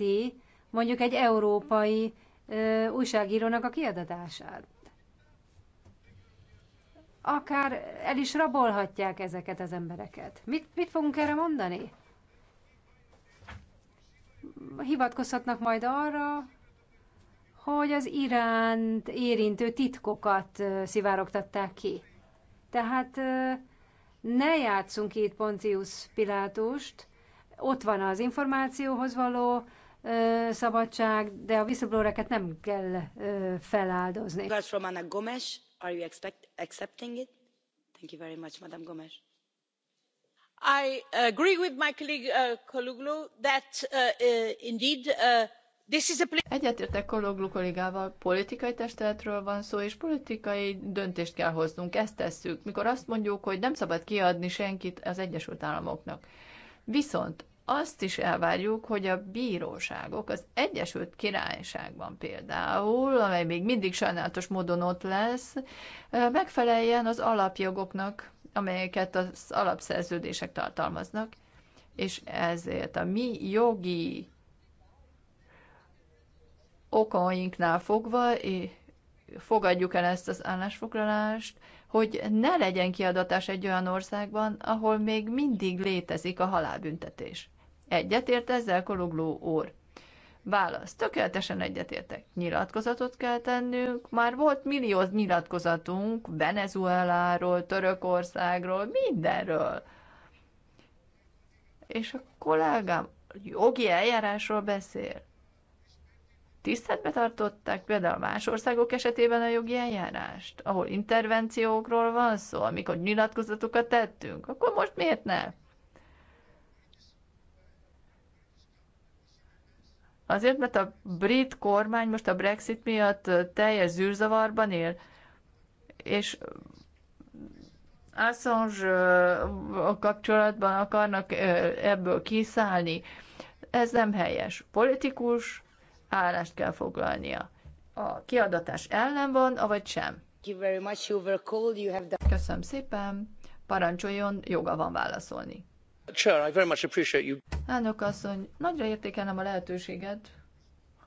illeti mondjuk egy európai ö, újságírónak a kiadatását. Akár el is rabolhatják ezeket az embereket. Mit, mit fogunk erre mondani? Hivatkozhatnak majd arra, hogy az Iránt érintő titkokat szivárogtatták ki. Tehát ne játszunk itt Pontius Pilátust, ott van az információhoz való szabadság, de a whistleblowereket nem kell feláldozni. Gomes, are you expect, accepting it? Thank you very much, Madam Gomes. I agree with my colleague uh, Koluglu that uh, uh, indeed uh, this is a Egyetértek Kologlu kollégával, politikai testületről van szó, és politikai döntést kell hoznunk, ezt tesszük, mikor azt mondjuk, hogy nem szabad kiadni senkit az Egyesült Államoknak. Viszont azt is elvárjuk, hogy a bíróságok az Egyesült Királyságban például, amely még mindig sajnálatos módon ott lesz, megfeleljen az alapjogoknak, amelyeket az alapszerződések tartalmaznak, és ezért a mi jogi okainknál fogva fogadjuk el ezt az állásfoglalást, hogy ne legyen kiadatás egy olyan országban, ahol még mindig létezik a halálbüntetés. Egyetért ezzel kologló úr? Válasz. Tökéletesen egyetértek. Nyilatkozatot kell tennünk. Már volt millió nyilatkozatunk Venezueláról, Törökországról, mindenről. És a kollégám jogi eljárásról beszél. Tiszteletbe tartották például más országok esetében a jogi eljárást, ahol intervenciókról van szó, amikor nyilatkozatokat tettünk, akkor most miért ne? Azért, mert a brit kormány most a Brexit miatt teljes zűrzavarban él, és Assange kapcsolatban akarnak ebből kiszállni. Ez nem helyes. Politikus állást kell foglalnia. A kiadatás ellen van, avagy sem. Köszönöm szépen. Parancsoljon, joga van válaszolni. Elnök asszony, nagyra értékelem a lehetőséget,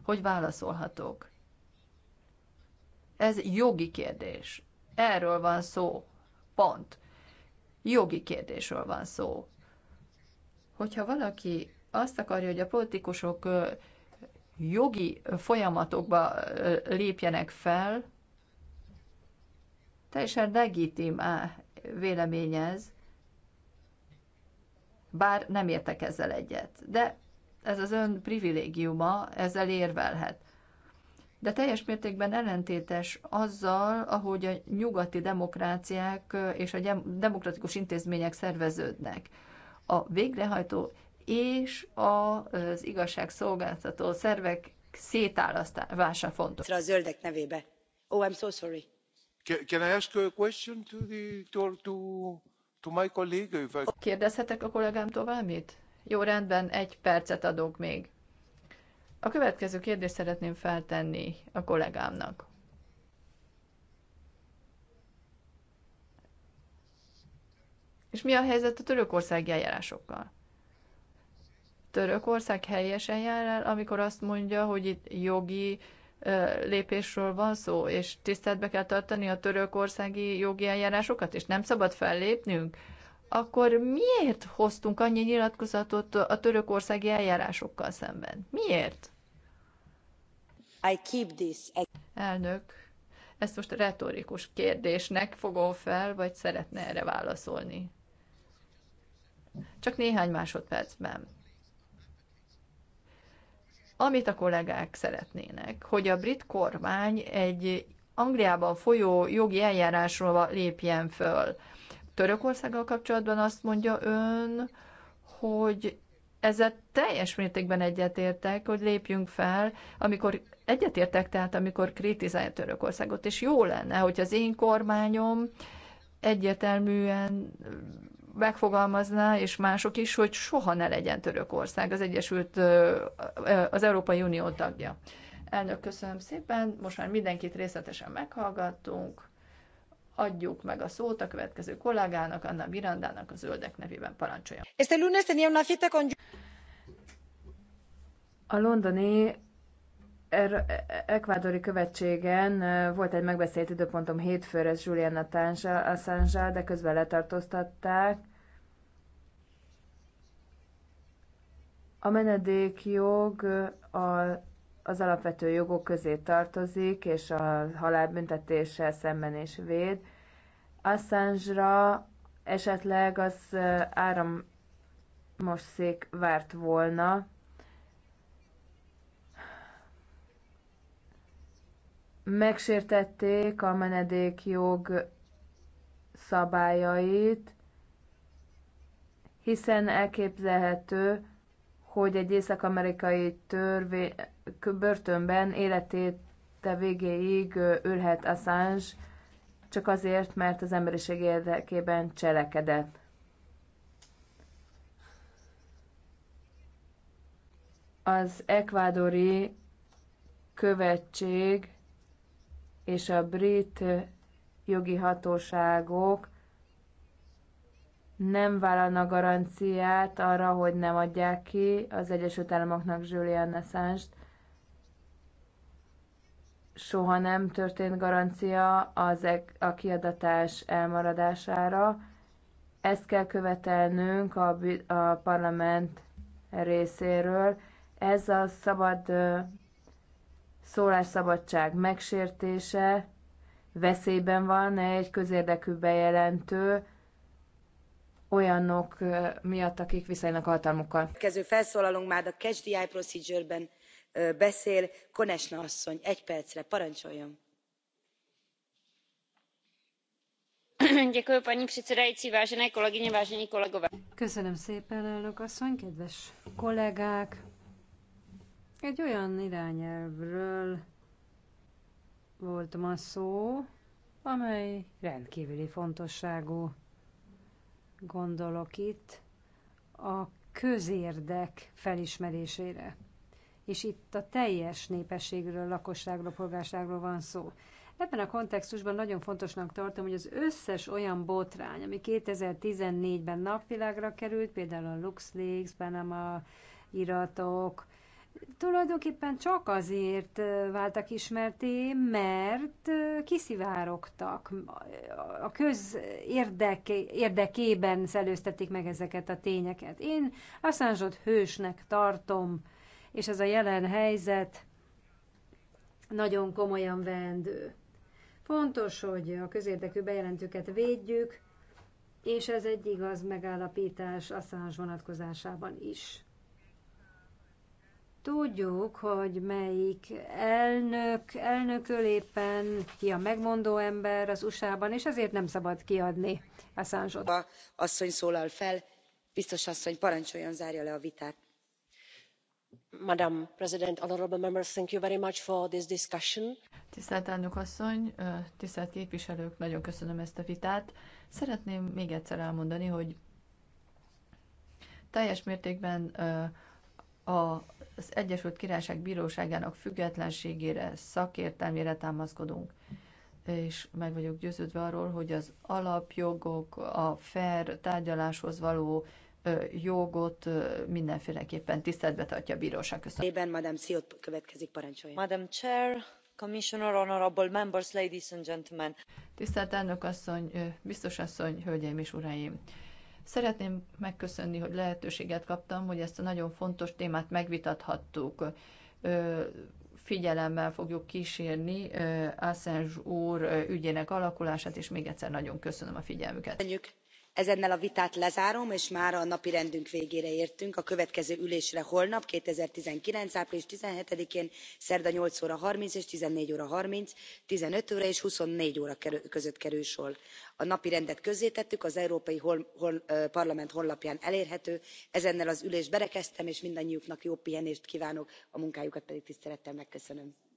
hogy válaszolhatok. Ez jogi kérdés. Erről van szó. Pont. Jogi kérdésről van szó. Hogyha valaki azt akarja, hogy a politikusok jogi folyamatokba lépjenek fel, teljesen legitim véleményez, bár nem értek ezzel egyet. De ez az ön privilégiuma, ezzel érvelhet. De teljes mértékben ellentétes azzal, ahogy a nyugati demokráciák és a demokratikus intézmények szerveződnek. A végrehajtó és az igazságszolgáltató szervek szétálasztása fontos. A zöldek nevébe. Oh, I'm so sorry. Can, can I ask a question to the to, to Kérdezhetek a kollégámtól valamit? Jó, rendben, egy percet adok még. A következő kérdést szeretném feltenni a kollégámnak. És mi a helyzet a törökországi eljárásokkal? Törökország helyesen jár el, amikor azt mondja, hogy itt jogi lépésről van szó, és tiszteletbe kell tartani a törökországi jogi eljárásokat, és nem szabad fellépnünk, akkor miért hoztunk annyi nyilatkozatot a törökországi eljárásokkal szemben? Miért? I keep this. Elnök, ezt most retorikus kérdésnek fogom fel, vagy szeretne erre válaszolni? Csak néhány másodpercben amit a kollégák szeretnének, hogy a brit kormány egy Angliában folyó jogi eljárásról lépjen föl. Törökországgal kapcsolatban azt mondja ön, hogy ezzel teljes mértékben egyetértek, hogy lépjünk fel, amikor egyetértek, tehát amikor kritizálja Törökországot, és jó lenne, hogy az én kormányom egyértelműen megfogalmazná, és mások is, hogy soha ne legyen Törökország az Egyesült, az Európai Unió tagja. Elnök, köszönöm szépen, most már mindenkit részletesen meghallgattunk, adjuk meg a szót a következő kollégának, Anna Mirandának, a Zöldek nevében parancsoljon. Este lunes tenía una cita con... A londoni ekvádori e- e- követségen volt egy megbeszélt időpontom hétfőre Julian assange de közben letartóztatták. A menedékjog a, az alapvető jogok közé tartozik, és a halálbüntetéssel szemben is véd. Assange-ra esetleg az áram most szék várt volna, megsértették a menedékjog szabályait, hiszen elképzelhető, hogy egy észak-amerikai börtönben életét de végéig ülhet Assange, csak azért, mert az emberiség érdekében cselekedett. Az ekvádori követség és a brit jogi hatóságok nem vállalnak garanciát arra, hogy nem adják ki az Egyesült Államoknak Julian assange -t. Soha nem történt garancia az e- a kiadatás elmaradására. Ezt kell követelnünk a, a parlament részéről. Ez a szabad szólásszabadság megsértése veszélyben van egy közérdekű bejelentő olyanok miatt, akik viszonylag hatalmukkal. Következő felszólalunk már a Catch the Eye procedure-ben beszél. Konesna asszony, egy percre, parancsoljon. paní předsedající vážené kolegyně vážení kolegové köszönöm szépen elnök asszony kedves kollégák! Egy olyan irányelvről volt ma szó, amely rendkívüli fontosságú. Gondolok itt a közérdek felismerésére. És itt a teljes népességről, lakosságról, polgárságról van szó. Ebben a kontextusban nagyon fontosnak tartom, hogy az összes olyan botrány, ami 2014-ben napvilágra került, például a LuxLeaks, Panama iratok, tulajdonképpen csak azért váltak ismerté, mert kiszivárogtak. A köz érdeke, érdekében szelőztetik meg ezeket a tényeket. Én Assange-ot hősnek tartom, és ez a jelen helyzet nagyon komolyan vendő. Fontos, hogy a közérdekű bejelentőket védjük, és ez egy igaz megállapítás Assange vonatkozásában is. Tudjuk, hogy melyik elnök, elnököl éppen, ki a megmondó ember az USA-ban, és ezért nem szabad kiadni a szánsot. A asszony szólal fel, biztos asszony parancsoljon, zárja le a vitát. Madam President, honorable members, thank you very much for this discussion. Tisztelt elnök asszony, tisztelt képviselők, nagyon köszönöm ezt a vitát. Szeretném még egyszer elmondani, hogy teljes mértékben a az Egyesült Királyság Bíróságának függetlenségére, szakértelmére támaszkodunk, és meg vagyok győződve arról, hogy az alapjogok, a fair tárgyaláshoz való jogot mindenféleképpen tiszteletbe tartja a bíróság. Köszönöm. Ében, Madame Sziot következik, parancsolja. Madam Chair, Commissioner, Honorable Members, Ladies and Gentlemen. Tisztelt elnök asszony, biztos asszony, hölgyeim és uraim! Szeretném megköszönni, hogy lehetőséget kaptam, hogy ezt a nagyon fontos témát megvitathattuk. Figyelemmel fogjuk kísérni Assange úr ügyének alakulását, és még egyszer nagyon köszönöm a figyelmüket ezennel a vitát lezárom és mára a napirendünk végére értünk a következő ülésre holnap two thousand and nineteen április seventeen én szerda eight óra thirty és fourteen óra thirty fifteen óra és twenty four óra között kerül sor. a napirendet közzétettük az európai parlament honlapján elérhető ezennel az ülést berekeztem és mindannyiuknak jó pihenést kvánok a munkájukat pedig tisztelettel megköszönöm.